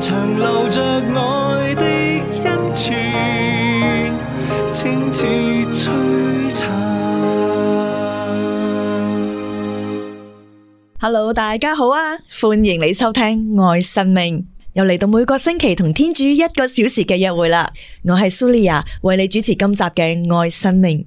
長留着愛的恩賜，清似璀璨。Hello，大家好啊，歡迎你收聽《愛生命》，又嚟到每個星期同天主一個小時嘅約會啦。我是蘇麗亞，為你主持今集嘅《愛生命》。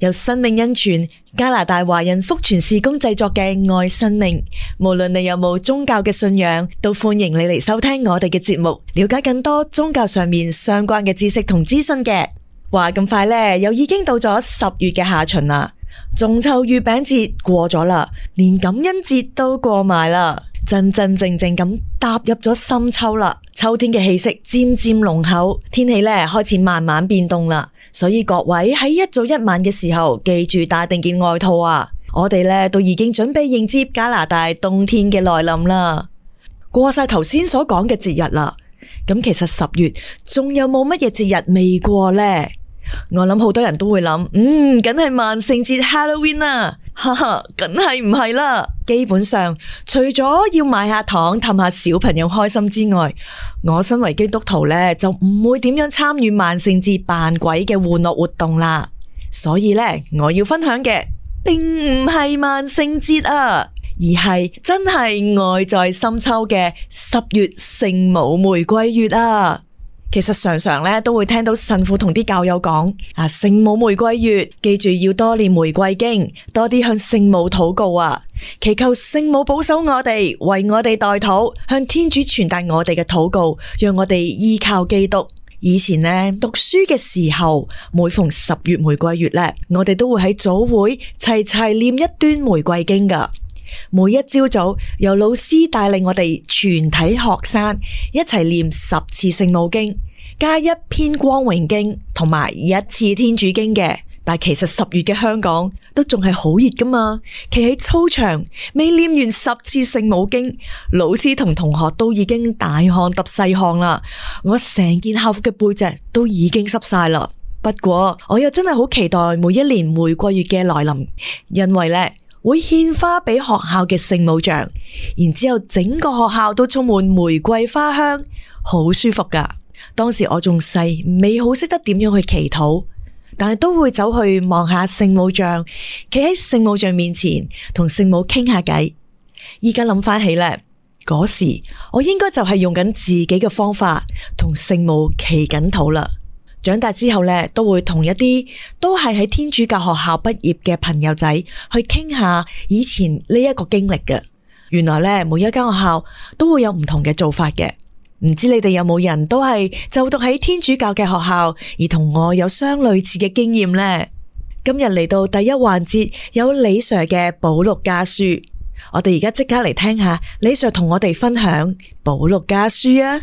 由生命恩泉加拿大華人福傳事工製作嘅《愛生命》，無論你有冇宗教嘅信仰，都歡迎你嚟收聽我哋嘅節目，了解更多宗教上面相關嘅知識同資訊嘅。話咁快呢，又已經到咗十月嘅下旬啦，中秋月餅節過咗啦，連感恩節都過埋啦，真真正正咁踏入咗深秋啦，秋天嘅氣息漸漸濃厚，天氣呢開始慢慢變凍啦。所以各位喺一早一晚嘅時候，記住帶定件外套啊！我哋咧都已經準備迎接加拿大冬天嘅來臨啦。過晒頭先所講嘅節日啦，咁其實十月仲有冇乜嘢節日未過咧？我諗好多人都會諗，嗯，梗係萬聖節 Halloween 啊！哈哈，梗係唔係啦！基本上，除咗要買下糖氹下小朋友開心之外，我身為基督徒呢，就唔會點樣參與萬聖節扮鬼嘅玩樂活動啦。所以呢，我要分享嘅並唔係萬聖節啊，而係真係愛在深秋嘅十月聖母玫瑰月啊！其實常常咧都會聽到神父同啲教友講啊，聖母玫瑰月，記住要多念玫瑰經，多啲向聖母禱告啊，祈求聖母保守我哋，為我哋代禱，向天主傳達我哋嘅禱告，讓我哋依靠基督。以前咧讀書嘅時候，每逢十月玫瑰月咧，我哋都會喺早會齊齊念一段玫瑰經㗎。每一朝早，由老師帶領我哋全體學生一齊念十次聖母經，加一篇光榮經同埋一次天主經嘅。但其實十月嘅香港都仲係好熱噶嘛，企喺操場未念完十次聖母經，老師同同學都已經大汗疊細汗啦。我成件校服嘅背脊都已經濕晒啦。不過我又真係好期待每一年每個月嘅來臨，因為咧。會獻花俾學校嘅聖母像，然後整個學校都充滿玫瑰花香，好舒服㗎。當時我仲細，未好識得點樣去祈禱，但都會走去望下聖母像，企喺聖母像面前同聖母傾下偈。而家諗返起呢，嗰時我應該就係用緊自己嘅方法同聖母祈緊禱啦。長大之後咧，都會同一啲都係喺天主教學校畢業嘅朋友仔去傾下以前呢一個經歷嘅。原來咧，每一間學校都會有唔同嘅做法嘅。唔知你哋有冇人都係就讀喺天主教嘅學校，而同我有相類似嘅經驗呢？今日嚟到第一環節有李 Sir 嘅保祿家書，我哋而家即刻嚟聽下李 Sir 同我哋分享保祿家書啊！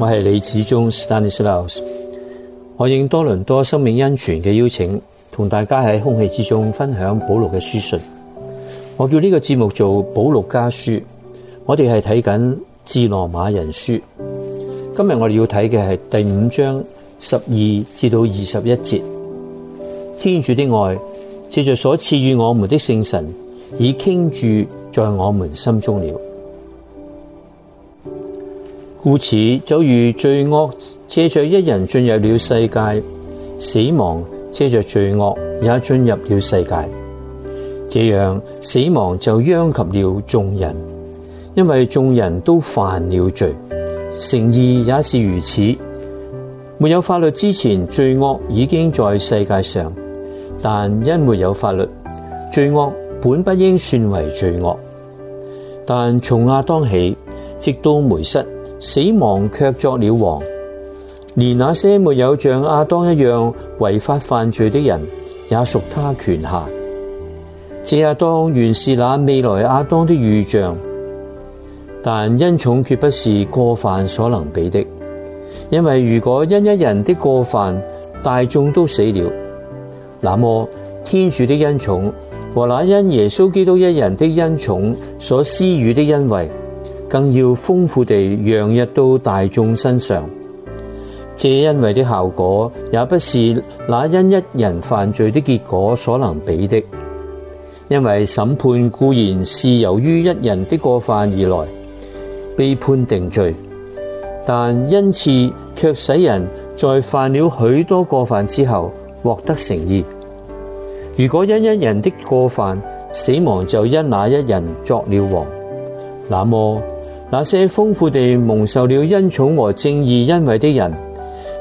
我係李子忠 Stanislaus，我應多倫多生命恩泉嘅邀請，同大家喺空氣之中分享保祿嘅書信。我叫呢個節目做《保祿家書》，我哋係睇緊《致羅馬人書》。今日我哋要睇嘅係第五章十二至到二十一節。天主的愛借着所賜予我們的聖神，已傾注在我們心中了。故此就如罪惡借着一人進入了世界，死亡借着罪惡也進入了世界。這樣死亡就殃及了眾人，因為眾人都犯了罪。誠意也是如此。沒有法律之前，罪惡已經在世界上，但因沒有法律，罪惡本不應算為罪惡。但從亞當起，直到梅瑟。死亡卻作了王，連那些沒有像阿當一樣違法犯罪的人，也屬他權下。這阿當原是那未來阿當的預象，但恩寵卻不是過犯所能比的。因為如果因一人的過犯，大眾都死了，那麼天主的恩寵和那因耶穌基督一人的恩寵所施予的恩惠。更要豐富地洋溢到大眾身上，這因為的效果也不是那因一人犯罪的結果所能比的。因為審判固然是由於一人的過犯而來，被判定罪，但因此卻使人在犯了許多過犯之後獲得誠意。如果因一人的過犯死亡，就因那一人作了王，那麼。那些豐富地蒙受了恩寵和正義恩惠的人，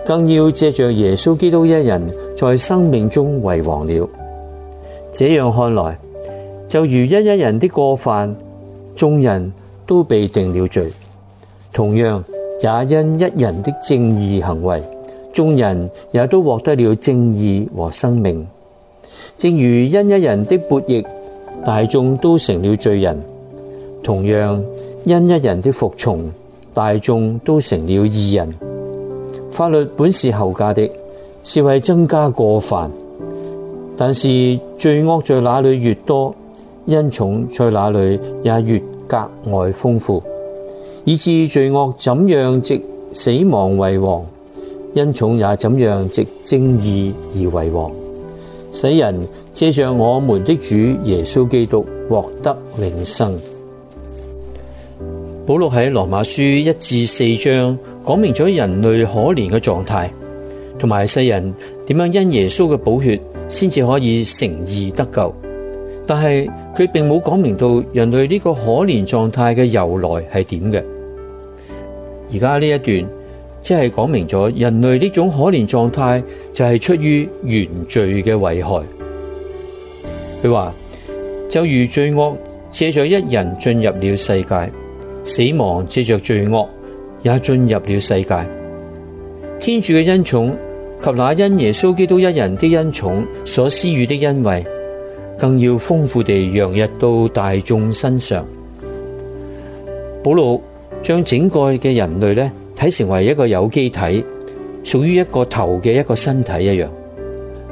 更要藉着耶穌基督一人在生命中為王了。這樣看來，就如因一人的過犯，眾人都被定了罪；同樣，也因一人的正義行為，眾人也都獲得了正義和生命。正如因一人的悖逆，大眾都成了罪人；同樣。因一人的服從，大眾都成了義人。法律本是後加的，是為增加過犯。但是罪惡在哪裏越多，恩寵在哪裏也越格外豐富。以致罪惡怎樣藉死亡為王，恩寵也怎樣藉正義而為王，使人借着我們的主耶穌基督獲得永生。保祿喺羅馬書一至四章講明咗人類可憐嘅狀態，同埋世人點樣因耶穌嘅寶血先至可以成義得救。但係佢並冇講明到人類呢個可憐狀態嘅由來係點嘅。而家呢一段即係講明咗人類呢種可憐狀態就係出於原罪嘅危害。佢話就如罪惡借咗一人進入了世界，死亡借着罪惡也進入了世界。天主嘅恩寵及那因耶穌基督一人的恩寵所施予的恩惠，更要豐富地洋溢到大眾身上。保羅將整個嘅人類咧睇成為一個有機體，屬於一個頭嘅一個身體一樣。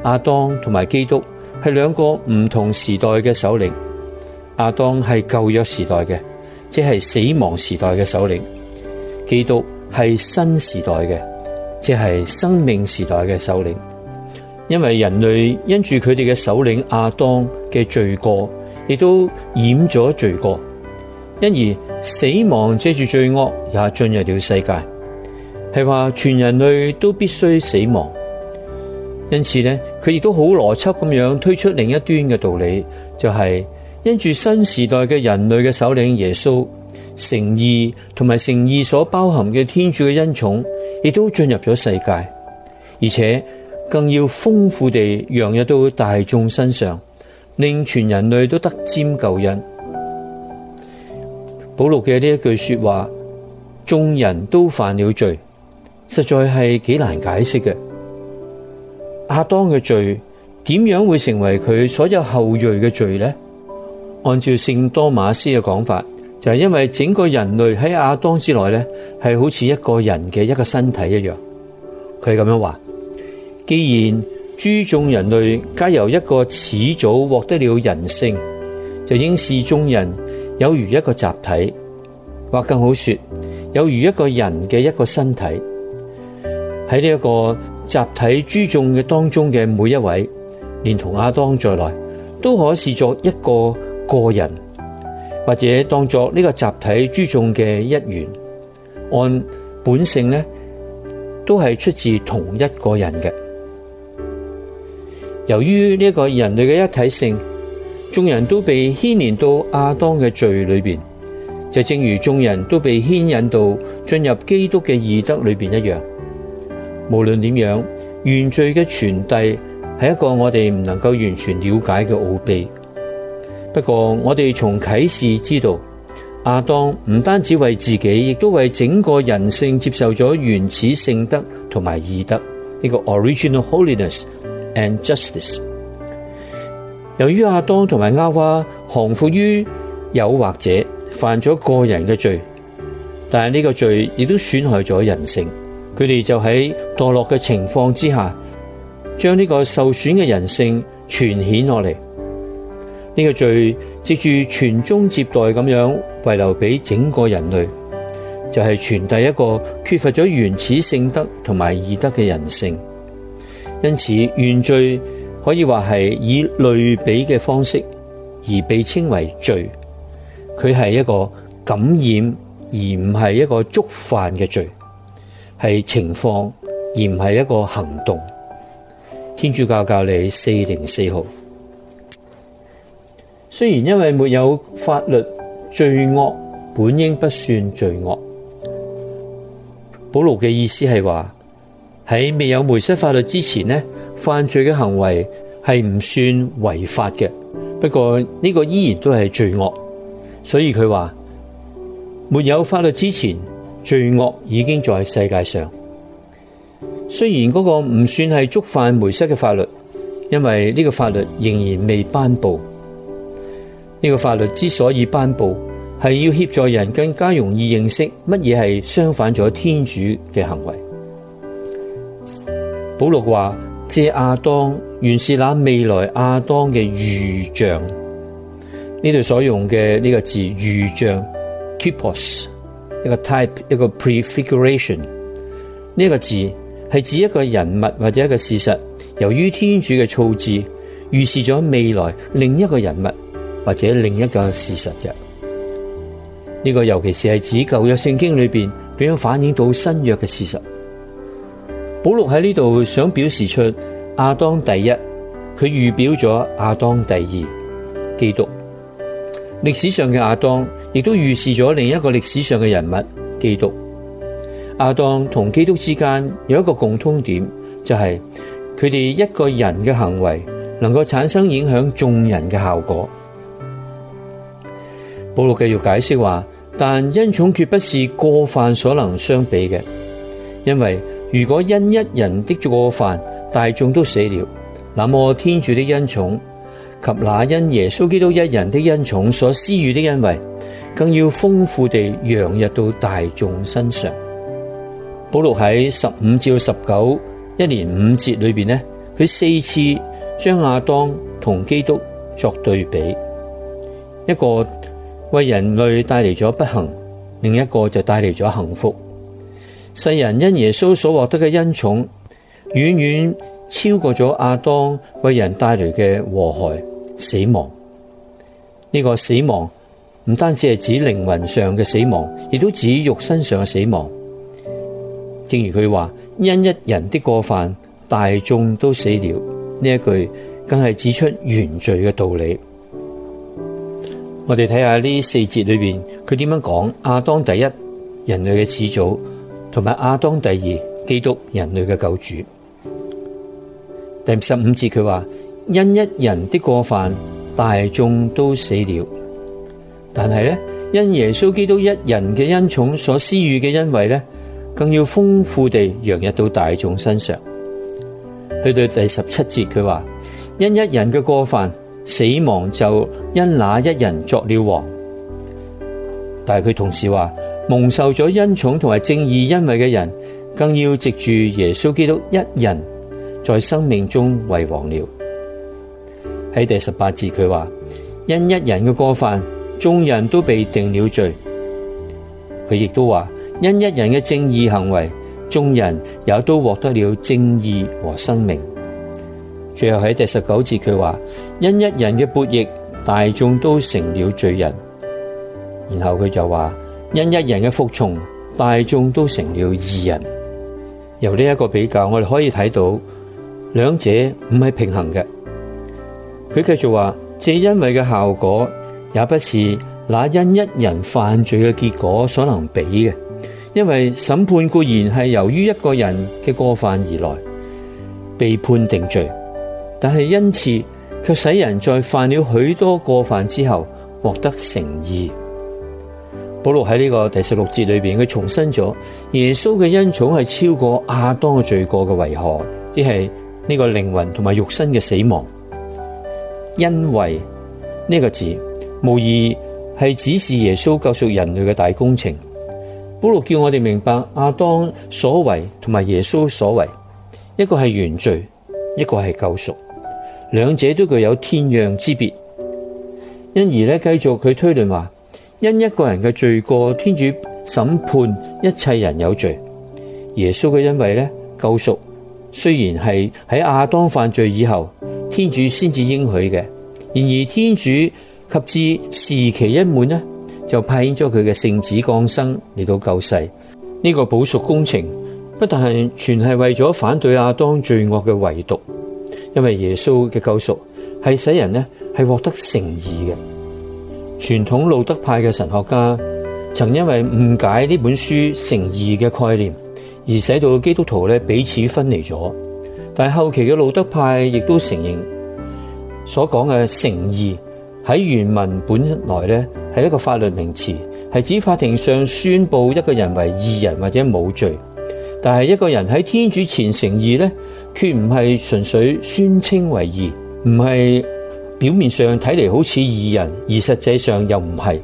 亞當同埋基督係兩個唔同時代嘅首領。亞當係舊約時代嘅。即係死亡時代嘅首領，基督係新時代嘅，即係生命時代嘅首領。因為人類因住佢哋嘅首領亞當嘅罪過，亦都染咗罪過，因而死亡藉住罪惡，也進入咗世界，係話全人類都必須死亡。因此呢，佢亦都好邏輯咁樣推出另一端嘅道理，就係、是。因住新時代嘅人類嘅首領耶穌誠意同埋誠意所包含嘅天主嘅恩寵，亦都進入咗世界，而且更要豐富地揚入到大眾身上，令全人類都得沾救恩。保祿嘅呢一句說話，眾人都犯了罪，實在係幾難解釋嘅。阿當嘅罪點樣會成為佢所有後裔嘅罪咧？按照聖多馬斯嘅講法，就係因為整個人類喺亞當之內咧，係好似一個人嘅一個身體一樣。佢咁樣話：既然諸眾人類皆由一個始祖獲得了人性，就應視眾人有如一個集體，或更好說，有如一個人嘅一個身體。喺呢一個集體諸眾嘅當中嘅每一位，連同亞當在內，都可視作一個。個人或者當作呢個集體注重嘅一員，按本性呢都係出自同一個人嘅。由於呢個人類嘅一體性，眾人都被牽連到亞當嘅罪裏邊，就正如眾人都被牽引到進入基督嘅義德裏邊一樣。無論點樣，原罪嘅傳遞係一個我哋唔能夠完全了解嘅奧秘。不過我哋從啟示知道，亞當唔單止為自己，亦都為整個人性接受咗原始聖德同埋義德呢個 original holiness and justice。由於亞當同埋亞娃降服於誘惑者，犯咗個人嘅罪，但係呢個罪亦都損害咗人性，佢哋就喺墮落嘅情況之下，將呢個受損嘅人性傳顯落嚟。呢個罪接住傳宗接代咁樣遺留俾整個人類，就係、是、傳遞一個缺乏咗原始聖德同埋義德嘅人性。因此，原罪可以話係以類比嘅方式而被稱為罪。佢係一個感染而唔係一個觸犯嘅罪，係情況而唔係一個行動。天主教教理四零四號。雖然因為沒有法律，罪惡本應不算罪惡。保祿嘅意思係話，喺未有梅瑟法律之前，犯罪嘅行為係唔算違法嘅。不過呢個依然都係罪惡，所以佢話沒有法律之前，罪惡已經在世界上。雖然嗰個唔算係觸犯梅瑟嘅法律，因為呢個法律仍然未頒布。呢個法律之所以頒布，係要協助人更加容易認識乜嘢係相反咗天主嘅行為。保祿話，借亞當原是那未來亞當嘅預像。呢度所用嘅呢個字預像 （typos） 一個 type 一個 prefiguration，呢個字係指一個人物或者一個事實，由於天主嘅措置，預示咗未來另一個人物。或者另一個事實嘅呢、這個，尤其是係指舊約聖經裏邊點樣反映到新約嘅事實。保祿喺呢度想表示出亞當第一，佢預表咗亞當第二，基督歷史上嘅亞當亦都預示咗另一個歷史上嘅人物基督。亞當同基督之間有一個共通點，就係佢哋一個人嘅行為能夠產生影響眾人嘅效果。保祿繼續解釋話，但恩寵絕不是過犯所能相比嘅。因為如果因一人的過犯，大眾都死了，那麼天主的恩寵及那因耶穌基督一人的恩寵所施予的恩惠，更要豐富地洋溢到大眾身上。保祿喺十五至十九一連五節裏邊咧，佢四次將亞當同基督作對比，一個。為人類帶來咗不幸，另一個就帶來咗幸福。世人因耶穌所獲得嘅恩寵，遠遠超過咗亞當為人帶來嘅禍害、死亡。呢個死亡唔單止係指靈魂上嘅死亡，亦都指肉身上嘅死亡。正如佢話：因一人的過犯，大眾都死了。呢一句更係指出原罪嘅道理。我哋睇下呢四節裏面，佢點樣講亞當第一人類嘅始祖，同埋亞當第二基督人類嘅救主。第十五節佢話，因一人的過犯，大眾都死了。但係呢，因耶穌基督一人嘅恩寵所施予嘅恩惠呢，更要豐富地洋溢，到大眾身上。去到第十七節佢話，因一人嘅過犯。死亡就因那一人作了王，但係佢同時話，蒙受咗恩寵同埋正義恩惠嘅人，更要藉住耶穌基督一人在生命中為王了。喺第十八節佢話，因一人嘅過犯，眾人都被定了罪。佢亦都話，因一人嘅正義行為，眾人也都獲得了正義和生命。最後喺第十九節，佢話因一人嘅悖逆，大眾都成了罪人。然後佢就話因一人嘅服從，大眾都成了義人。由呢一個比較，我哋可以睇到兩者唔係平衡嘅。佢繼續話，這因為嘅效果，也不是那因一人犯罪嘅結果所能比嘅。因為審判固然係由於一個人嘅過犯而來，被判定罪。但係因此，卻使人在犯了許多過犯之後，獲得成義。保祿喺呢個第十六節裏邊，佢重申咗耶穌嘅恩寵係超過亞當嘅罪過嘅危害，即係呢個靈魂同埋肉身嘅死亡。因為呢、這個字無疑係指示耶穌救贖人類嘅大工程。保祿叫我哋明白亞當所為同埋耶穌所為，一個係原罪，一個係救贖。兩者都具有天壤之別，因而咧繼續佢推論話：因一個人嘅罪過，天主審判一切人有罪。耶穌嘅因為咧救贖，雖然係喺亞當犯罪以後，天主先至應許嘅。然而天主及至時期一滿呢，就派遣咗佢嘅聖子降生嚟到救世。呢、這個保贖工程不但係全係為咗反對亞當罪惡嘅唯獨。因為耶穌嘅救贖係使人咧係獲得成義嘅。傳統路德派嘅神學家曾因為誤解呢本書成義嘅概念，而使到基督徒咧彼此分離咗。但後期嘅路德派亦都承認所講嘅成義喺原文本來咧係一個法律名詞，係指法庭上宣布一個人為義人或者冇罪。但係一個人喺天主前成義咧。佢唔係純粹宣稱為義，唔係表面上睇嚟好似義人，而實際上又唔係，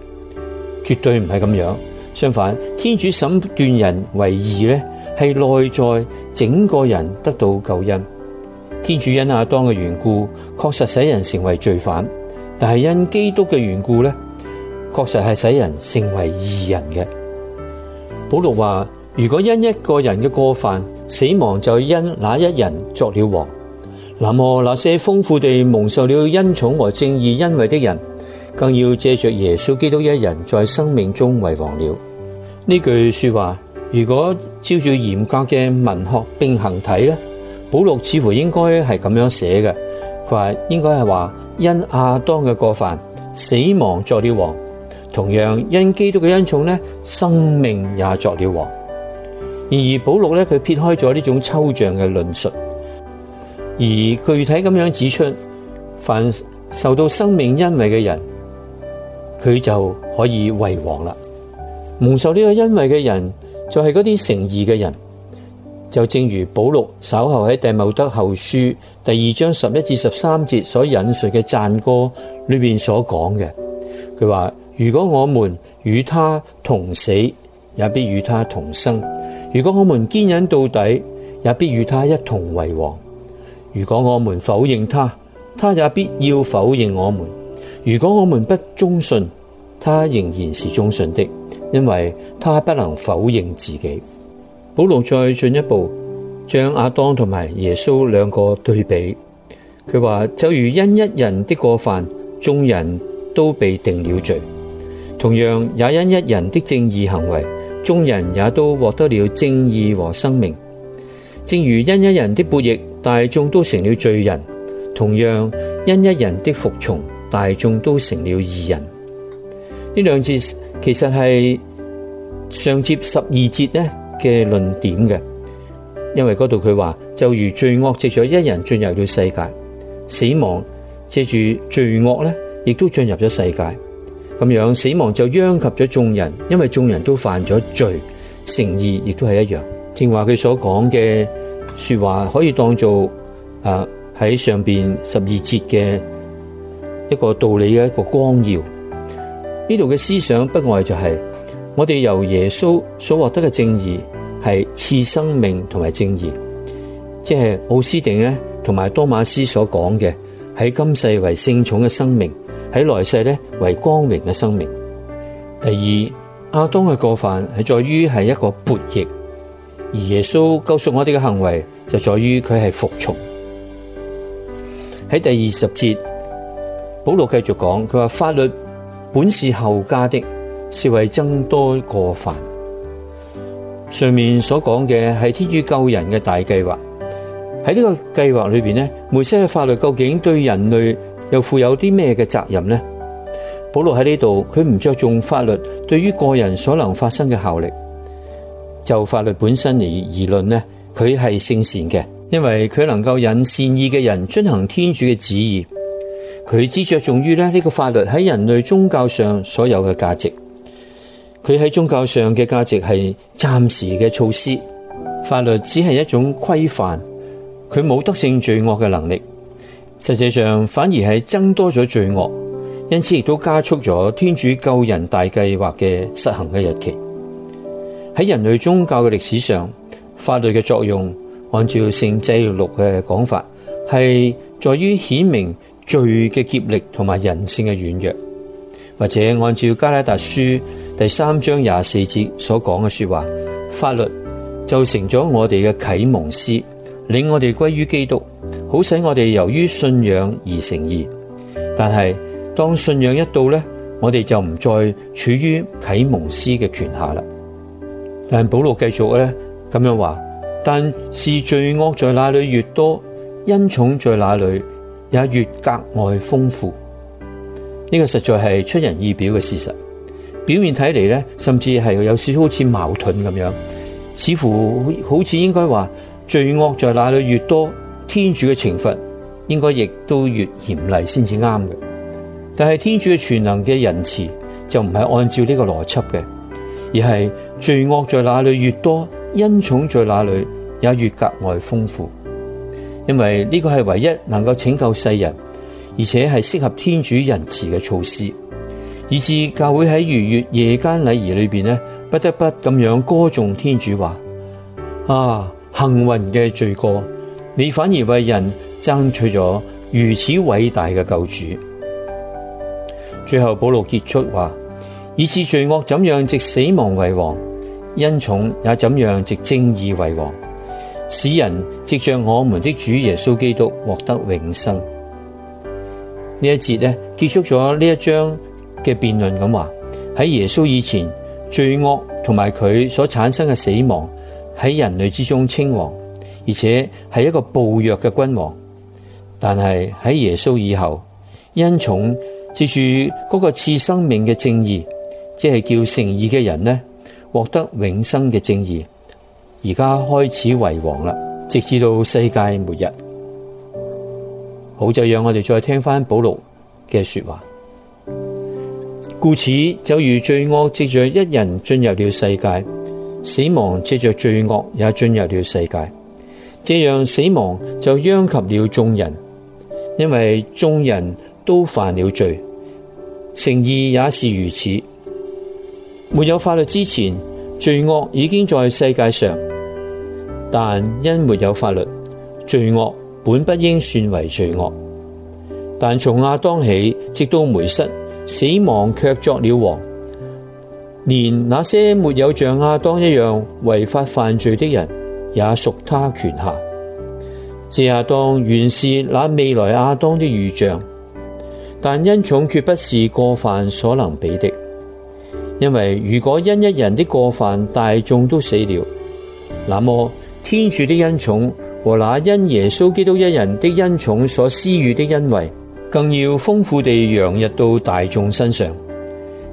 絕對唔係咁樣。相反，天主審斷人為義，呢係內在整個人得到救恩。天主因亞當嘅緣故，確實使人成為罪犯；但係因基督嘅緣故，呢確實係使人成為義人嘅。保祿話：如果因一個人嘅過犯，死亡就因那一人作了王，那麼那些豐富地蒙受了恩寵和正義恩惠的人，更要借着耶穌基督一人在生命中為王了。呢句說話，如果照住嚴格嘅文學並行睇咧，保祿似乎應該係咁樣寫嘅。佢話應該係話，因亞當嘅過犯，死亡作了王；同樣因基督嘅恩寵咧，生命也作了王。而然而保祿呢，佢撇開咗呢種抽象嘅論述，而具體咁樣指出，凡受到生命恩惠嘅人，佢就可以為王啦。蒙受呢個恩惠嘅人，就係嗰啲誠意嘅人。就正如保祿稍後喺弟茂德後書第二章十一至十三節所引述嘅讚歌裏邊所講嘅，佢話：如果我們與他同死，也必與他同生。如果我們堅忍到底，也必與他一同為王；如果我們否認他，他也必要否認我們；如果我們不忠信，他仍然是忠信的，因為他不能否認自己。保祿再進一步將亞當同埋耶穌兩個對比，佢話，就如因一人的過犯，眾人都被定了罪；同樣也因一人的正義行為，眾人也都獲得了正義和生命，正如因一人的悖逆，大眾都成了罪人；同樣，因一人的服從，大眾都成了義人。呢兩節其實係上節十二節呢嘅論點嘅，因為嗰度佢話就如罪惡借咗一人進入咗世界，死亡借住罪惡呢，亦都進入咗世界。咁樣死亡就殃及咗眾人，因為眾人都犯咗罪。誠意亦都係一樣。正話佢所講嘅說話，可以當做啊喺上邊十二節嘅一個道理嘅一個光耀。呢度嘅思想不外就係、是、我哋由耶穌所獲得嘅正義係賜生命同埋正義，即係奧斯定咧同埋多馬斯所講嘅喺今世為聖寵嘅生命。喺來世咧為光榮嘅生命。第二，亞當嘅過犯係在於係一個悖逆，而耶穌救贖我哋嘅行為就在於佢係服從。喺第二十節，保羅繼續講，佢話法律本是後加的，是為增多過犯。上面所講嘅係天主救人嘅大計劃。喺呢個計劃裏邊呢，梅西嘅法律究竟對人類？又負有啲咩嘅責任呢？保祿喺呢度，佢唔着重法律對於個人所能發生嘅效力，就法律本身而而論呢，佢係聖善嘅，因為佢能夠引善意嘅人遵行天主嘅旨意。佢只着重於呢呢個法律喺人類宗教上所有嘅價值。佢喺宗教上嘅價值係暫時嘅措施，法律只係一種規範，佢冇得勝罪惡嘅能力。實際上反而係增多咗罪惡，因此亦都加速咗天主救人大計劃嘅實行嘅日期。喺人類宗教嘅歷史上，法律嘅作用，按照聖制祿嘅講法，係在於顯明罪嘅劫力同埋人性嘅軟弱，或者按照加拉達書第三章廿四節所講嘅說話，法律就成咗我哋嘅啟蒙師，令我哋歸於基督。好使我哋由於信仰而成義，但係當信仰一到呢，我哋就唔再處於啟蒙師嘅權下啦。但保羅繼續呢，咁樣話，但是罪惡在那裏越多，恩寵在那裏也越格外豐富。呢、這個實在係出人意表嘅事實。表面睇嚟呢，甚至係有少少好似矛盾咁樣，似乎好似應該話罪惡在那裏越多。天主嘅懲罰應該亦都越嚴厲先至啱嘅，但係天主嘅全能嘅仁慈就唔係按照呢個邏輯嘅，而係罪惡在哪裏越多，恩寵在哪裏也越格外豐富。因為呢個係唯一能夠拯救世人，而且係適合天主仁慈嘅措施。以至教會喺逾越夜間禮儀裏邊呢，不得不咁樣歌頌天主話：啊，幸運嘅罪過！你反而為人爭取咗如此偉大嘅救主。最後保羅結束話：以致罪惡怎樣，藉死亡為王；恩寵也怎樣，藉正義為王。使人藉着我們的主耶穌基督獲得永生。呢一節呢結束咗呢一章嘅辯論咁話，喺耶穌以前，罪惡同埋佢所產生嘅死亡喺人類之中稱王。而且係一個暴虐嘅君王，但係喺耶穌以後，恩寵接住嗰個賜生命嘅正義，即係叫成義嘅人呢，獲得永生嘅正義。而家開始為王啦，直至到世界末日。好，就讓我哋再聽翻保祿嘅說話。故此，就如罪惡接住一人進入了世界，死亡接住罪惡也進入了世界。這樣死亡就殃及了眾人，因為眾人都犯了罪。誠意也是如此。沒有法律之前，罪惡已經在世界上，但因沒有法律，罪惡本不應算為罪惡。但從亞當起，直到梅瑟，死亡卻作了王。連那些沒有像亞當一樣違法犯罪的人。也屬他權下，自亞當原是那未來亞當的預象，但恩寵卻不是過犯所能比的。因為如果因一人的過犯，大眾都死了，那麼天主的恩寵和那因耶穌基督一人的恩寵所施予的恩惠，更要豐富地洋溢到大眾身上。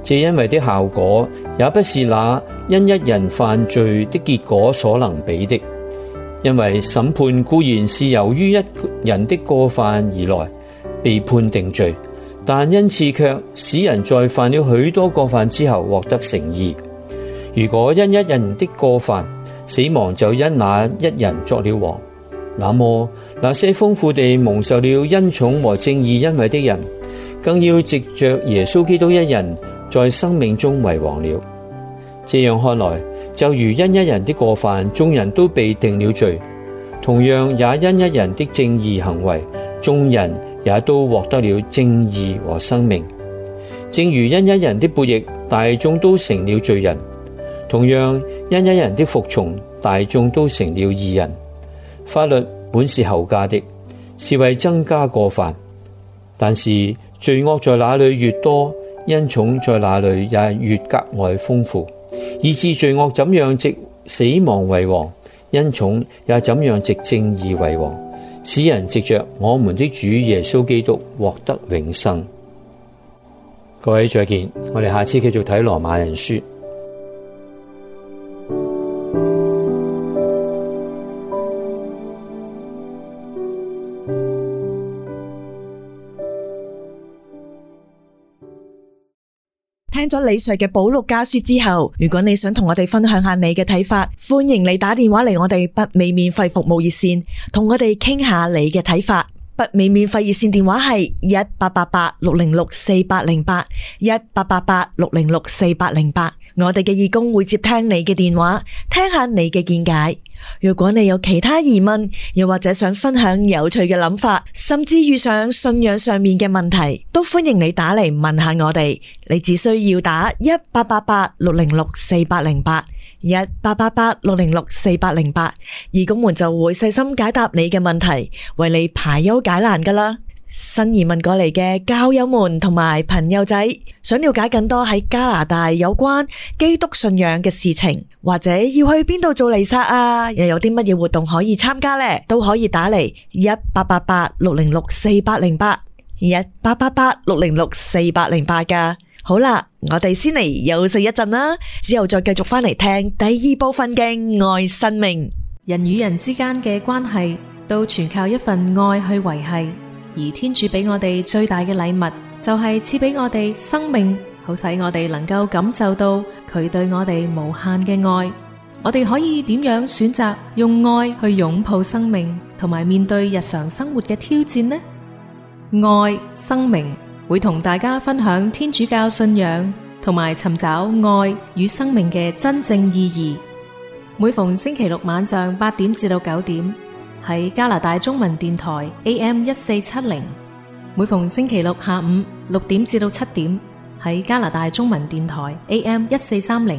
這因為的效果，也不是那因一人犯罪的結果所能比的。因為審判固然是由於一人的過犯而來被判定罪，但因此卻使人在犯了許多過犯之後獲得成義。如果因一人的過犯死亡就因那一人作了王，那麼那些豐富地蒙受了恩寵和正義恩惠的人，更要藉着耶穌基督一人。在生命中為王了。這樣看來，就如因一人的過犯，眾人都被定了罪；同樣也因一人的正義行為，眾人也都獲得了正義和生命。正如因一人的悖逆，大眾都成了罪人；同樣因一人的服從，大眾都成了義人。法律本是後加的，是為增加過犯。但是罪惡在哪裏越多，恩寵在那裏，也越格外豐富；以致罪惡怎樣，藉死亡為王；恩寵也怎樣，藉正義為王，使人藉着我們的主耶穌基督獲得永生。各位再見，我哋下次繼續睇羅馬人書。聽咗李 Sir 嘅保祿家書之後，如果你想同我哋分享下你嘅睇法，歡迎你打電話嚟我哋北美免費服務熱線，同我哋傾下你嘅睇法。北美免費熱線電話係，一八八八六零六四八零八一八八八六零六四八零八。我哋嘅義工會接聽你嘅電話，聽下你嘅見解。如果你有其他疑問，又或者想分享有趣嘅諗法，甚至遇上信仰上面嘅問題，都歡迎你打嚟問下我哋。你只需要打一八八八六零六四八零八，一八八八六零六四八零八，8, 8, 義工們就會細心解答你嘅問題，為你排憂解難㗎啦。新移民過嚟嘅教友們同埋朋友仔，想了解更多喺加拿大有關基督信仰嘅事情，或者要去邊度做彌撒啊？又有啲乜嘢活動可以參加呢？都可以打嚟一八八八六零六四八零八一八八八六零六四八零八噶。好啦，我哋先嚟休息一陣啦，之後再繼續翻嚟聽第二部分嘅《愛生命》。人與人之間嘅關係，都全靠一份愛去維繫。而天主俾我哋最大嘅禮物，就係賜俾我哋生命，好使我哋能夠感受到佢對我哋無限嘅愛。我哋可以點樣選擇用愛去擁抱生命，同埋面對日常生活嘅挑戰呢？愛生命會同大家分享天主教信仰，同埋尋找愛與生命嘅真正意義。每逢星期六晚上八點至到九點。喺加拿大中文電台 AM 一四七零，每逢星期六下午六點至到七點喺加拿大中文電台 AM 一四三零。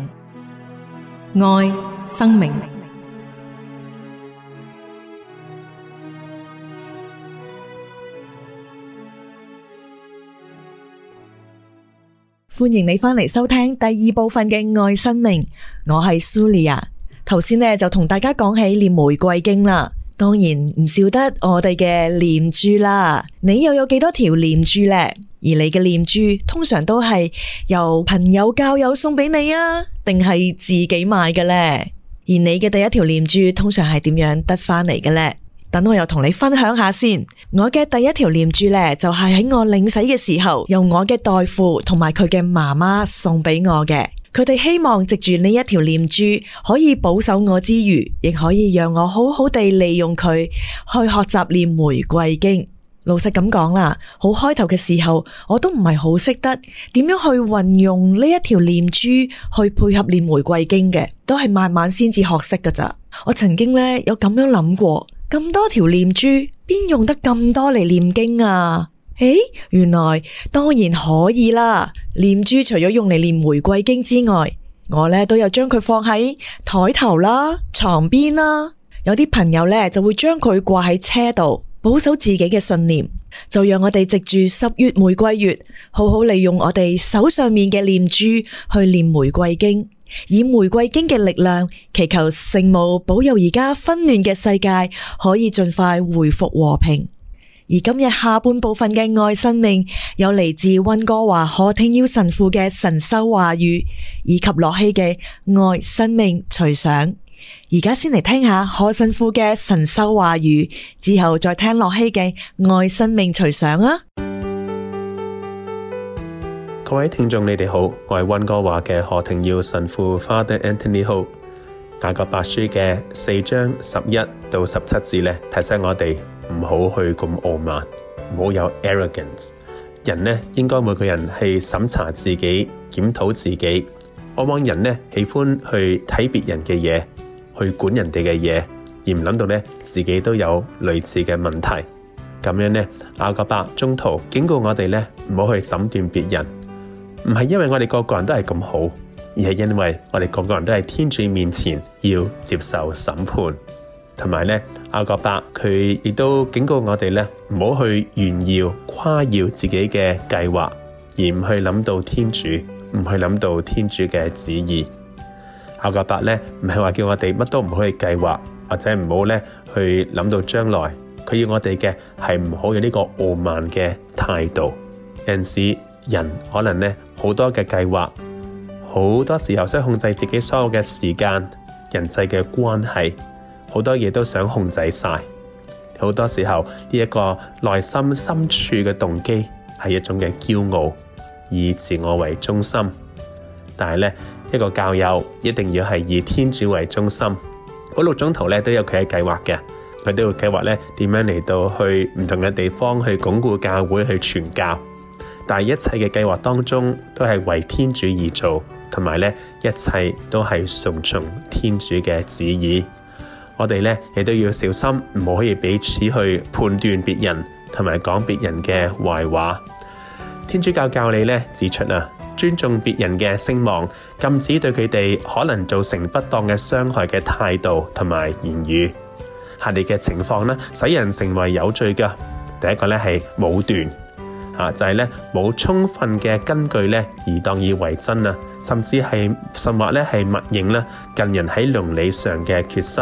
愛生命，歡迎你翻嚟收聽第二部分嘅愛生命。我係蘇麗亞，頭先呢就同大家講起念玫瑰經啦。當然唔少得我哋嘅念珠啦，你又有幾多條念珠呢？而你嘅念珠通常都係由朋友、教友送俾你啊，定係自己買嘅呢？而你嘅第一條念珠通常係點樣得返嚟嘅呢？等我又同你分享下先。我嘅第一條念珠呢，就係喺我領洗嘅時候，由我嘅代父同埋佢嘅媽媽送俾我嘅。佢哋希望藉住呢一條念珠，可以保守我之餘，亦可以讓我好好地利用佢去學習念玫瑰經。老實咁講啦，好開頭嘅時候，我都唔係好識得點樣去運用呢一條念珠去配合念玫瑰經嘅，都係慢慢先至學識噶咋。我曾經咧有咁樣諗過，咁多條念珠，邊用得咁多嚟念經啊？誒，原來當然可以啦！念珠除咗用嚟念玫瑰經之外，我咧都有將佢放喺台頭啦、床邊啦。有啲朋友咧就會將佢掛喺車度，保守自己嘅信念。就讓我哋藉住十月玫瑰月，好好利用我哋手上面嘅念珠去念玫瑰經，以玫瑰經嘅力量祈求聖母保佑而家紛亂嘅世界可以盡快恢復和平。而今日下半部分嘅愛生命，有嚟自溫哥華何廷耀神父嘅神修話語，以及駱曦嘅愛生命隨想。而家先嚟聽聽下何神父嘅神修話語，之後再聽駱曦嘅愛生命隨想啊！各位聽眾，你哋好，我係溫哥華嘅何廷耀神父 Father Anthony Ho。大個白書嘅四章十一到十七節呢，提醒我哋。唔好去咁傲慢，唔好有 arrogance。人呢，應該每個人去審查自己、檢討自己。往往人呢，喜歡去睇別人嘅嘢，去管人哋嘅嘢，而唔諗到呢，自己都有類似嘅問題。咁樣呢，雅各伯宗徒警告我哋呢，唔好去審斷別人，唔係因為我哋個個人都係咁好，而係因為我哋個個人都係天主面前要接受審判。.同埋咧，雅各伯佢亦都警告我哋咧，唔好去炫耀誇耀自己嘅計劃，而唔去諗到天主，唔去諗到天主嘅旨意。雅各伯咧，唔係話叫我哋乜都唔可以計劃，或者唔好咧去諗到將來。佢要我哋嘅係唔好有呢個傲慢嘅態度，因此人，人可能咧好多嘅計劃，好多時候需控制自己所有嘅時間、人際嘅關係。好多嘢都想控制晒。好多時候呢一個內心深處嘅動機係一種嘅驕傲，以自我為中心。但係咧，一個教友一定要係以天主為中心。嗰六種徒咧都有佢嘅計劃嘅，佢都會計劃咧點樣嚟到去唔同嘅地方去鞏固教會，去傳教。但係一切嘅計劃當中都係為天主而做，同埋咧一切都係順從天主嘅旨意。我哋咧亦都要小心，唔好可以彼此去判斷別人，同埋講別人嘅壞話。天主教教理咧指出啊，尊重別人嘅聲望，禁止對佢哋可能造成不當嘅傷害嘅態度同埋言語。下列嘅情況呢，使人成為有罪嘅。第一個咧係武斷，啊就係咧冇充分嘅根據咧而當以為真啊，甚至係甚或咧係默認啦，近人喺倫理上嘅缺失。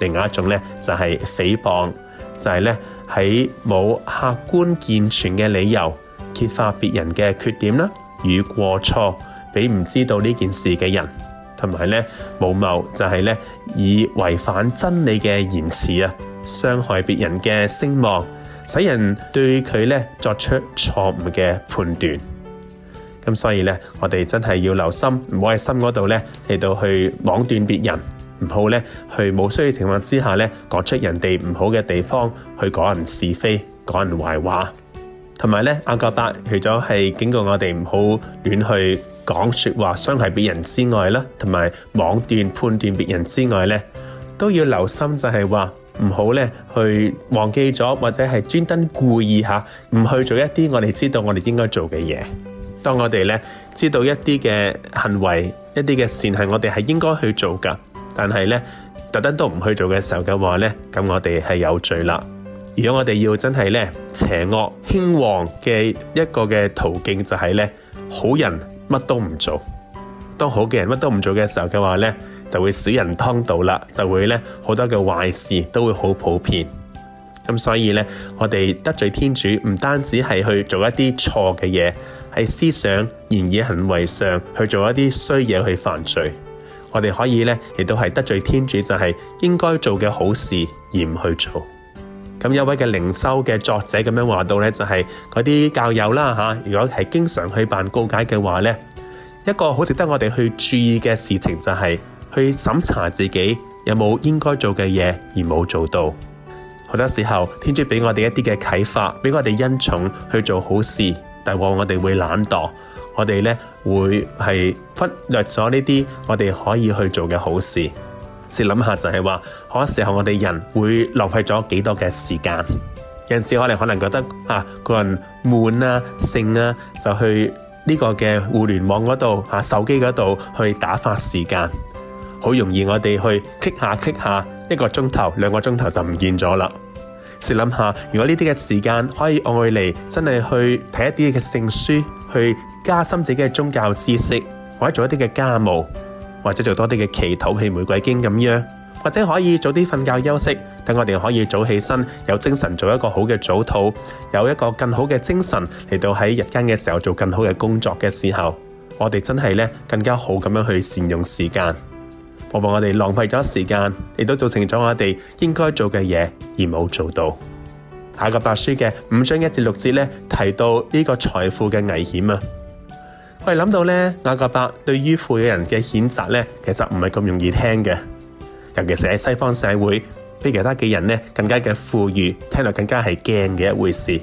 另外一種咧就係、是、誹謗，就係咧喺冇客觀健全嘅理由揭發別人嘅缺點啦與過錯，俾唔知道呢件事嘅人，同埋咧冇謀，呢謀就係咧以違反真理嘅言辭啊，傷害別人嘅聲望，使人對佢咧作出錯誤嘅判斷。咁所以咧，我哋真係要留心，唔好喺心嗰度咧嚟到去妄斷別人。唔好咧，去冇需要情況之下咧，講出人哋唔好嘅地方，去講人是非，講人壞話。同埋咧，雅各伯除咗係警告我哋唔好亂去講説話傷害別人之外啦，同埋妄斷判斷別人之外咧，都要留心就係話唔好咧，去忘記咗或者係專登故意嚇唔去做一啲我哋知道我哋應該做嘅嘢。當我哋咧知道一啲嘅行為，一啲嘅善行，我哋係應該去做噶。但係咧，特登都唔去做嘅時候嘅話咧，咁我哋係有罪啦。如果我哋要真係咧邪惡興旺嘅一個嘅途徑，就係咧好人乜都唔做。當好嘅人乜都唔做嘅時候嘅話咧，就會小人當道啦，就會咧好多嘅壞事都會好普遍。咁所以咧，我哋得罪天主唔單止係去做一啲錯嘅嘢，喺思想、言語、行為上去做一啲衰嘢去犯罪。我哋可以咧，亦都係得罪天主，就係應該做嘅好事而唔去做。咁有位嘅靈修嘅作者咁樣話到咧，就係嗰啲教友啦，吓，如果係經常去辦告解嘅話咧，一個好值得我哋去注意嘅事情就係去審查自己有冇應該做嘅嘢而冇做到。好多時候天主俾我哋一啲嘅啟發，俾我哋恩寵去做好事，但往往我哋會懶惰。我哋咧會係忽略咗呢啲我哋可以去做嘅好事，試諗下就係話，好多時候我哋人會浪費咗幾多嘅時間。有陣時我哋可能覺得啊個人悶啊、性啊，就去呢個嘅互聯網嗰度、嚇、啊、手機嗰度去打發時間，好容易我哋去 click 下 click 下一個鐘頭，兩個鐘頭就唔見咗啦。試諗下，如果呢啲嘅時間可以攞嚟真係去睇一啲嘅聖書去。加深自己嘅宗教知識，或者做一啲嘅家務，或者做多啲嘅祈禱，譬如玫瑰經咁樣，或者可以早啲瞓覺休息，等我哋可以早起身，有精神做一個好嘅早禱，有一個更好嘅精神嚟到喺日間嘅時候做更好嘅工作嘅時候，我哋真係咧更加好咁樣去善用時間，唔好我哋浪費咗時間，亦都造成咗我哋應該做嘅嘢而冇做到。下個白書嘅五章一至六節咧提到呢個財富嘅危險啊！我哋諗到呢，雅各伯對於富嘅人嘅譴責呢，其實唔係咁容易聽嘅，尤其是喺西方社會，比其他嘅人呢更加嘅富裕，聽落更加係驚嘅一回事。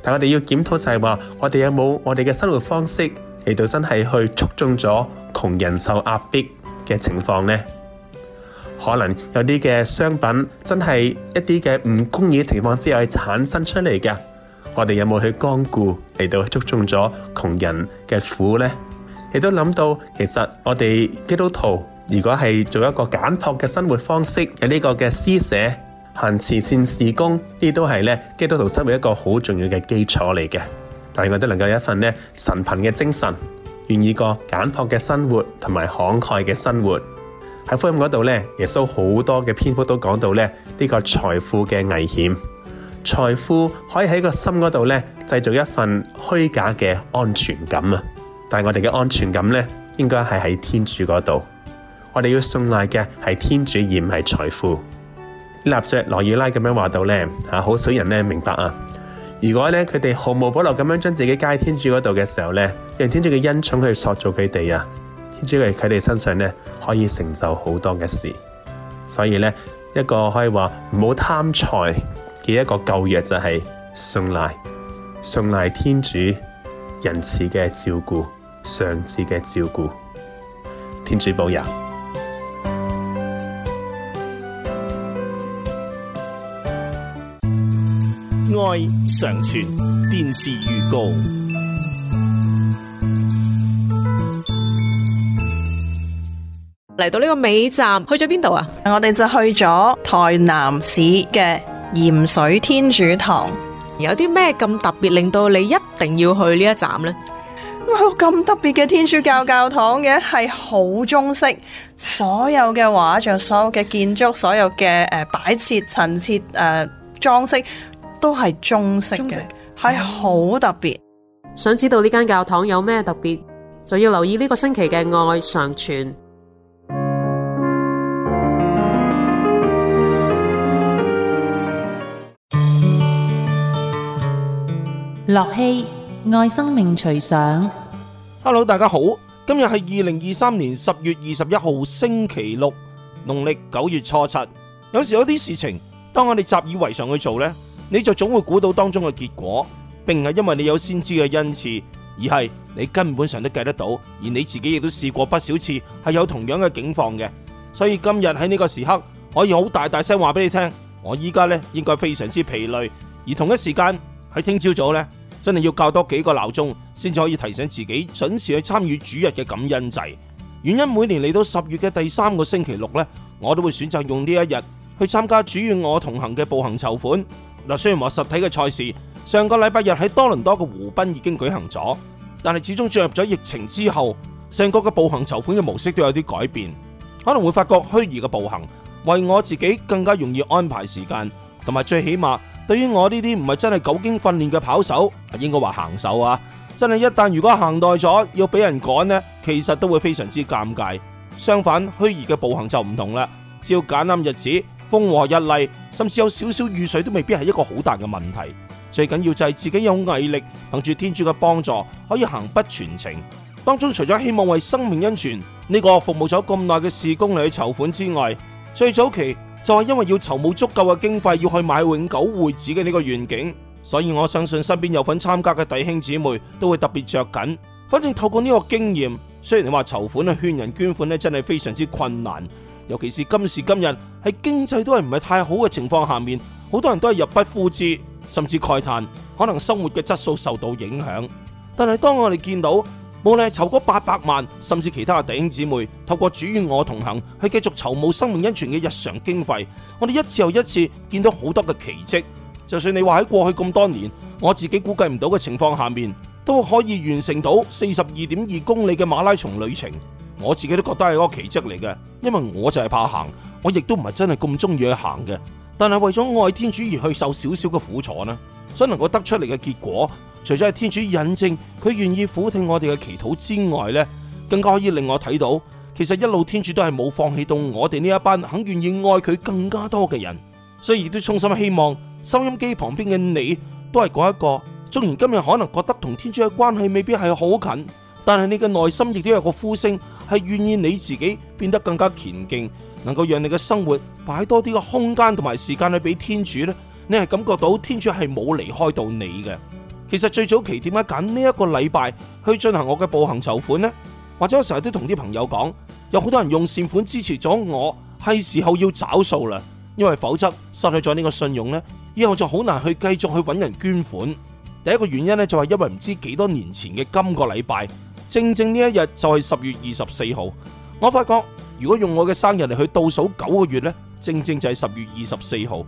但我哋要檢討就係話，我哋有冇我哋嘅生活方式嚟到真係去促縱咗窮人受壓迫嘅情況呢？可能有啲嘅商品真係一啲嘅唔公義嘅情況之下產生出嚟嘅。我哋有冇去光顧嚟到觸中咗窮人嘅苦呢？亦都諗到，其實我哋基督徒如果係做一個簡樸嘅生活方式，有呢個嘅施捨、行慈善事工，呢都係咧基督徒生活一個好重要嘅基礎嚟嘅。但係我都能夠有一份咧神貧嘅精神，願意過簡樸嘅生活同埋慷慨嘅生活。喺福音嗰度咧，耶穌好多嘅篇幅都講到咧呢個財富嘅危險。財富可以喺個心嗰度咧，製造一份虛假嘅安全感啊。但係我哋嘅安全感咧，應該係喺天主嗰度。我哋要信賴嘅係天主而唔係財富。立着羅爾拉咁樣話到咧，吓好少人咧明白啊。如果咧佢哋毫無保留咁樣將自己交喺天主嗰度嘅時候咧，讓天主嘅恩寵去塑造佢哋啊，天主喺佢哋身上咧可以成就好多嘅事。所以咧，一個可以話唔好貪財。嘅一個舊約就係信賴，信賴天主仁慈嘅照顧，上智嘅照顧，天主保佑，愛常傳。電視預告嚟到呢個尾站，去咗邊度啊？我哋就去咗台南市嘅。鹽水天主堂有啲咩咁特別，令到你一定要去呢一站呢？咁特別嘅天主教教堂嘅，係好中式，所有嘅畫像、所有嘅建築、所有嘅誒擺設、陳設誒裝飾都係中式嘅，係好特別。嗯、想知道呢間教堂有咩特別，就要留意呢個星期嘅愛常傳。駱曦愛生命隨想，Hello，大家好，今日係二零二三年十月二十一號星期六，農曆九月初七。有時有啲事情，當我哋習以為常去做呢，你就總會估到當中嘅結果，並唔係因為你有先知嘅恩賜，而係你根本上都計得、得到，而你自己亦都試過不少次係有同樣嘅境況嘅。所以今日喺呢個時刻，可以好大大聲話俾你聽，我依家呢，應該非常之疲累，而同一時間。喺聽朝早咧，真係要教多幾個鬧鐘，先至可以提醒自己準時去參與主日嘅感恩祭。原因每年嚟到十月嘅第三個星期六咧，我都會選擇用呢一日去參加主與我同行嘅步行籌款。嗱，雖然話實體嘅賽事上個禮拜日喺多倫多嘅湖濱已經舉行咗，但係始終進入咗疫情之後，成個嘅步行籌款嘅模式都有啲改變，可能會發覺虛擬嘅步行為我自己更加容易安排時間，同埋最起碼。對於我呢啲唔係真係久經訓練嘅跑手，應該話行手啊！真係一旦如果行耐咗，要俾人趕呢，其實都會非常之尷尬。相反，虛擬嘅步行就唔同啦，只要揀啱日子，風和日麗，甚至有少少雨水都未必係一個好大嘅問題。最緊要就係自己有毅力，憑住天主嘅幫助，可以行不全程。當中除咗希望為生命恩泉呢個服務咗咁耐嘅事工嚟去籌款之外，最早期。就係因為要籌募足夠嘅經費，要去買永久會址嘅呢個願景，所以我相信身邊有份參加嘅弟兄姊妹都會特別着緊。反正透過呢個經驗，雖然話籌款啊，勸人捐款呢真係非常之困難，尤其是今時今日喺經濟都係唔係太好嘅情況下面，好多人都係入不敷支，甚至慨嘆可能生活嘅質素受到影響。但係當我哋見到，無論係籌過八百萬，甚至其他嘅弟兄姊妹透過主與我同行去繼續籌募生命恩泉嘅日常經費，我哋一次又一次見到好多嘅奇跡。就算你話喺過去咁多年，我自己估計唔到嘅情況下面，都可以完成到四十二點二公里嘅馬拉松旅程，我自己都覺得係一個奇跡嚟嘅。因為我就係怕行，我亦都唔係真係咁中意去行嘅，但係為咗愛天主而去受少少嘅苦楚呢，所以能夠得出嚟嘅結果。除咗係天主引證佢願意俯聽我哋嘅祈禱之外呢，更加可以令我睇到，其實一路天主都係冇放棄到我哋呢一班肯願意愛佢更加多嘅人，所以亦都衷心希望收音機旁邊嘅你都係嗰一個。雖然，今日可能覺得同天主嘅關係未必係好近，但係你嘅內心亦都有個呼聲，係願意你自己變得更加虔敬，能夠讓你嘅生活擺多啲嘅空間同埋時間去俾天主呢，你係感覺到天主係冇離開到你嘅。其實最早期點解揀呢一個禮拜去進行我嘅步行籌款呢？或者我成日都同啲朋友講，有好多人用善款支持咗我，係時候要找數啦，因為否則失去咗呢個信用呢，以後就好難去繼續去搵人捐款。第一個原因呢，就係因為唔知幾多年前嘅今個禮拜，正正呢一日就係十月二十四號。我發覺如果用我嘅生日嚟去倒數九個月呢，正正就係十月二十四號。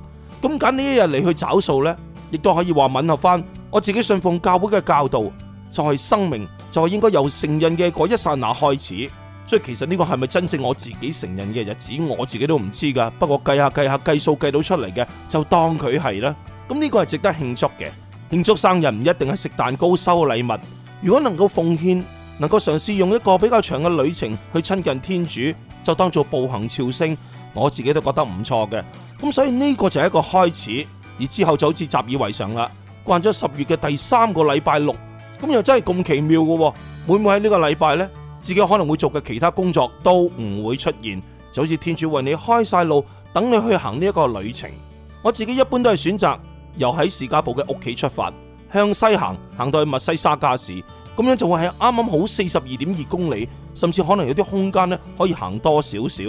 咁揀呢一日嚟去找數呢，亦都可以話吻合返。我自己信奉教會嘅教導，就係、是、生命就係、是、應該由承認嘅嗰一剎那開始。所以其實呢個係咪真正我自己承認嘅日子，我自己都唔知㗎。不過計下計下計數計到出嚟嘅，就當佢係啦。咁、這、呢個係值得慶祝嘅。慶祝生日唔一定係食蛋糕、收禮物。如果能夠奉獻，能夠嘗試用一個比較長嘅旅程去親近天主，就當做步行朝聖，我自己都覺得唔錯嘅。咁所以呢個就係一個開始，而之後就好似習以為常啦。慣咗十月嘅第三個禮拜六，咁又真係咁奇妙嘅，會唔會喺呢個禮拜呢，自己可能會做嘅其他工作都唔會出現，就好似天主為你開晒路，等你去行呢一個旅程。我自己一般都係選擇由喺士家堡嘅屋企出發，向西行，行到去密西沙加市，咁樣就會係啱啱好四十二點二公里，甚至可能有啲空間呢可以行多少少。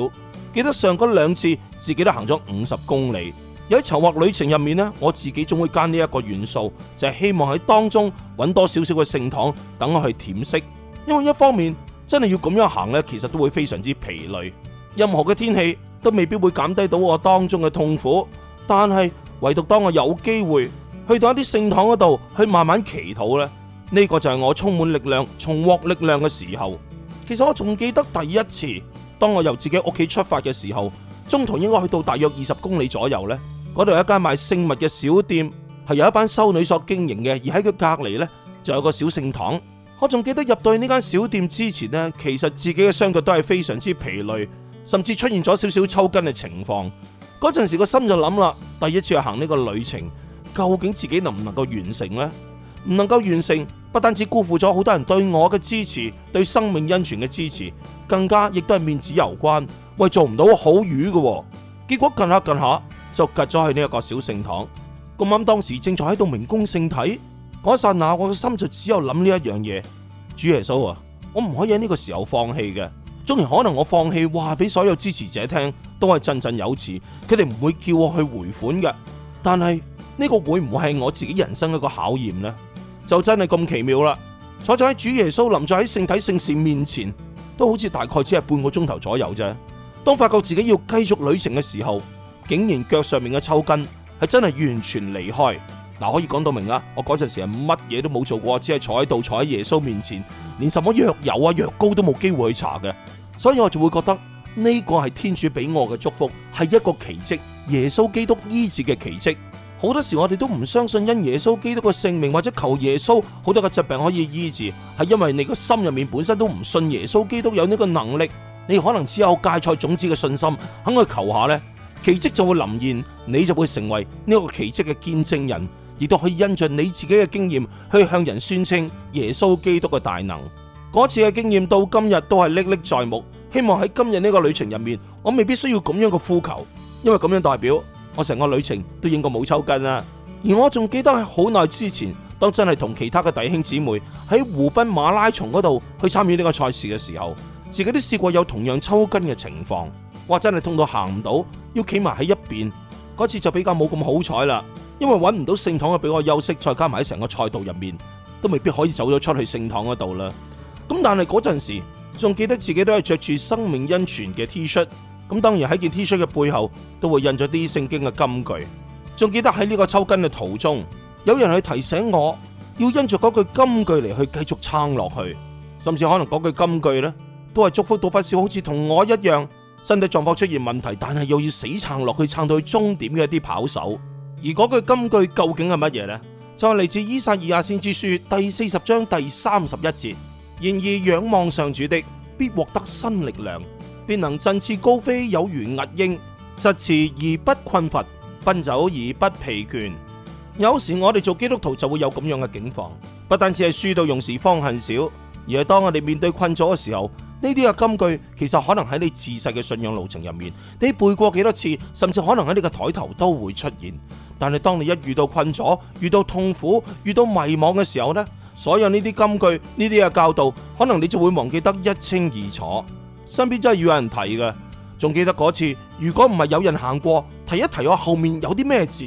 記得上嗰兩次自己都行咗五十公里。有喺籌劃旅程入面，我自己總會揀呢一個元素，就係、是、希望喺當中揾多少少嘅聖堂，等我去唞息。因為一方面真係要咁樣行呢，其實都會非常之疲累。任何嘅天氣都未必會減低到我當中嘅痛苦。但係唯獨當我有機會去到一啲聖堂嗰度去慢慢祈禱呢，呢、這個就係我充滿力量、重獲力量嘅時候。其實我仲記得第一次當我由自己屋企出發嘅時候，中途應該去到大約二十公里左右呢，嗰度有一間賣聖物嘅小店，係有一班修女所經營嘅。而喺佢隔籬呢，就有個小聖堂。我仲記得入到去呢間小店之前呢，其實自己嘅雙腳都係非常之疲累，甚至出現咗少少抽筋嘅情況。嗰陣時個心就諗啦，第一次去行呢個旅程，究竟自己能唔能夠完成呢？唔能夠完成，不單止辜負咗好多人對我嘅支持，對生命恩泉嘅支持，更加亦都係面子有關。喂，做唔到好淤嘅、哦，結果近下近下。就隔咗去呢一個小聖堂，咁啱當時正坐喺度明供聖體，嗰一剎那我嘅心就只有諗呢一樣嘢：主耶穌啊，我唔可以喺呢個時候放棄嘅。縱然可能我放棄話俾所有支持者聽都係振振有詞，佢哋唔會叫我去回款嘅，但係呢個會唔會係我自己人生一個考驗呢？就真係咁奇妙啦！坐咗喺主耶穌，臨在喺聖體聖事面前，都好似大概只係半個鐘頭左右啫。當發覺自己要繼續旅程嘅時候。竟然腳上面嘅抽筋係真係完全離開嗱，可以講到明啊。我嗰陣時係乜嘢都冇做過，只係坐喺度，坐喺耶穌面前，連什麼藥油啊藥膏都冇機會去查嘅。所以我就會覺得呢個係天主俾我嘅祝福，係一個奇蹟，耶穌基督醫治嘅奇蹟。好多時我哋都唔相信，因耶穌基督嘅聖名，或者求耶穌，好多嘅疾病可以醫治，係因為你個心入面本身都唔信耶穌基督有呢個能力，你可能只有芥菜種子嘅信心，肯去求下呢，奇蹟就會臨現，你就會成為呢個奇蹟嘅見證人，亦都可以因着你自己嘅經驗去向人宣稱耶穌基督嘅大能。嗰次嘅經驗到今日都係歷歷在目。希望喺今日呢個旅程入面，我未必需要咁樣嘅呼求，因為咁樣代表我成個旅程都應該冇抽筋啦。而我仲記得喺好耐之前，當真係同其他嘅弟兄姊妹喺湖濱馬拉松嗰度去參與呢個賽事嘅時候，自己都試過有同樣抽筋嘅情況。或真係痛到行唔到，要企埋喺一邊。嗰次就比較冇咁好彩啦，因為揾唔到聖堂嘅俾我休息，再加埋喺成個賽道入面，都未必可以走咗出去聖堂嗰度啦。咁但係嗰陣時，仲記得自己都係着住生命恩泉嘅 T 恤，咁當然喺件 T 恤嘅背後都會印咗啲聖經嘅金句。仲記得喺呢個抽筋嘅途中，有人去提醒我，要因着嗰句金句嚟去繼續撐落去，甚至可能嗰句金句呢，都係祝福到不少好似同我一樣。身體狀況出現問題，但係又要死撐落去，撐到去終點嘅一啲跑手。而嗰句金句究竟係乜嘢呢？就係嚟自《依撒意亞先知書》第四十章第三十一節。然而仰望上主的，必獲得新力量，便能振翅高飛，有如鶻鷹疾馳而不困乏，奔走而不疲倦。有時我哋做基督徒就會有咁樣嘅境況，不單止係輸到用時方恨少，而係當我哋面對困阻嘅時候，呢啲嘅金句其實可能喺你自細嘅信仰路程入面，你背過幾多次，甚至可能喺你嘅枱頭都會出現。但係當你一遇到困阻、遇到痛苦、遇到迷茫嘅時候呢？所有呢啲金句、呢啲嘅教導，可能你就會忘記得一清二楚。身邊真係要有人提嘅，仲記得嗰次，如果唔係有人行過提一提我後面有啲咩字，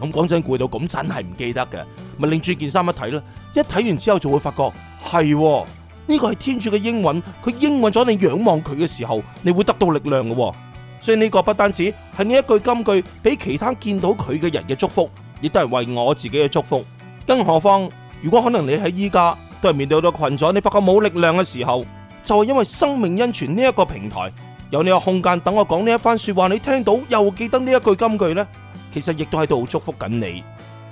咁講真攰到咁真係唔記得嘅，咪擰住件衫一睇啦，一睇完之後就會發覺。係呢，哦，這個係天主嘅應允。佢應允咗你仰望佢嘅時候，你會得到力量嘅，哦。所以呢個不單止係呢一句金句，俾其他見到佢嘅人嘅祝福，亦都係為我自己嘅祝福。更何況，如果可能你在現在，你喺依家都係面對好多困阻，你發覺冇力量嘅時候，就係，是，因為生命恩泉呢一個平台，有呢個空間等我講呢一番說話，你聽到又記得呢一句金句呢，其實亦都喺度祝福緊你。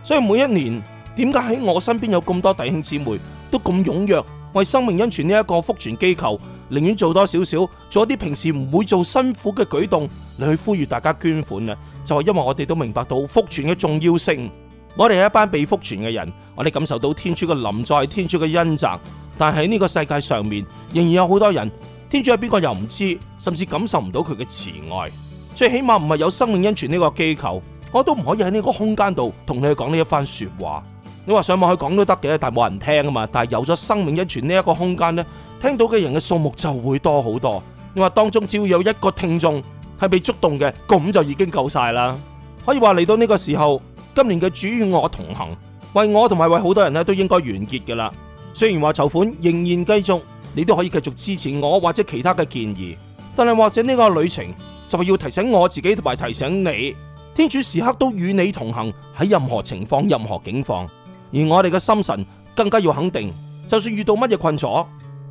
所以每一年，點解喺我身邊有咁多弟兄姊妹？都咁踴躍為生命恩泉呢一個福傳機構，寧願做多少少，做一啲平時唔會做辛苦嘅舉動嚟去呼籲大家捐款嘅，就係因為我哋都明白到福傳嘅重要性。我哋係一班被福傳嘅人，我哋感受到天主嘅臨在，天主嘅恩澤。但係喺呢個世界上面，仍然有好多人，天主係邊個又唔知，甚至感受唔到佢嘅慈愛。最起碼唔係有生命恩泉呢個機構，我都唔可以喺呢個空間度同你去講呢一番說話。你話上網去講都得嘅，但係冇人聽啊嘛。但係有咗生命恩泉呢一個空間呢，聽到嘅人嘅數目就會多好多。你話當中只要有一個聽眾係被觸動嘅，咁就已經夠晒啦。可以話嚟到呢個時候，今年嘅主與我同行，為我同埋為好多人呢都應該完結噶啦。雖然話籌款仍然繼續，你都可以繼續支持我或者其他嘅建議，但係或者呢個旅程就係要提醒我自己同埋提醒你，天主時刻都與你同行，喺任何情況、任何境況。而我哋嘅心神更加要肯定，就算遇到乜嘢困阻，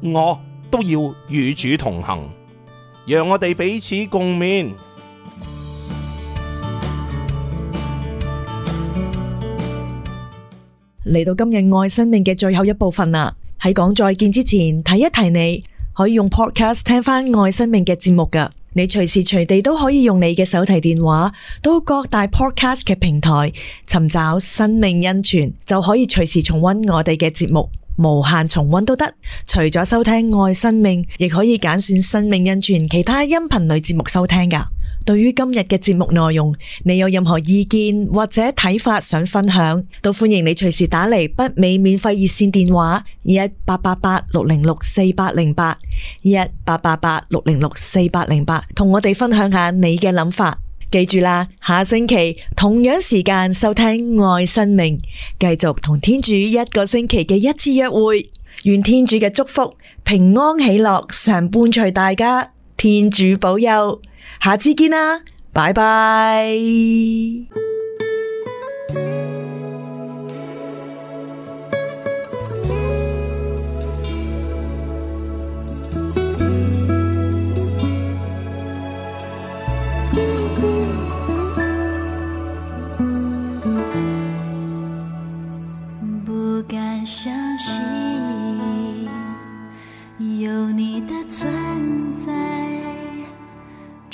我都要與主同行，讓我哋彼此共勉。嚟到今日愛生命嘅最後一部分啦，喺講再見之前，提一提你可以用 Podcast 聽翻愛生命嘅節目噶。你隨時隨地都可以用你嘅手提電話，到各大 podcast 嘅平台尋找《生命恩泉》，就可以隨時重温我哋嘅節目，無限重温都得。除咗收聽《愛生命》，亦可以揀選《生命恩泉》其他音頻類節目收聽㗎。對於今日嘅節目內容，你有任何意見或者睇法想分享，都歡迎你隨時打嚟北美免費熱線電話一八八八六零六四八零八，一八八八六零六四八零八，同我哋分享下你嘅諗法。記住啦，下星期同樣時間收聽愛生命，繼續同天主一個星期嘅一次約會。願天主嘅祝福平安喜樂常伴隨大家，天主保佑。下次見啦，拜拜。 不敢相信有你的存。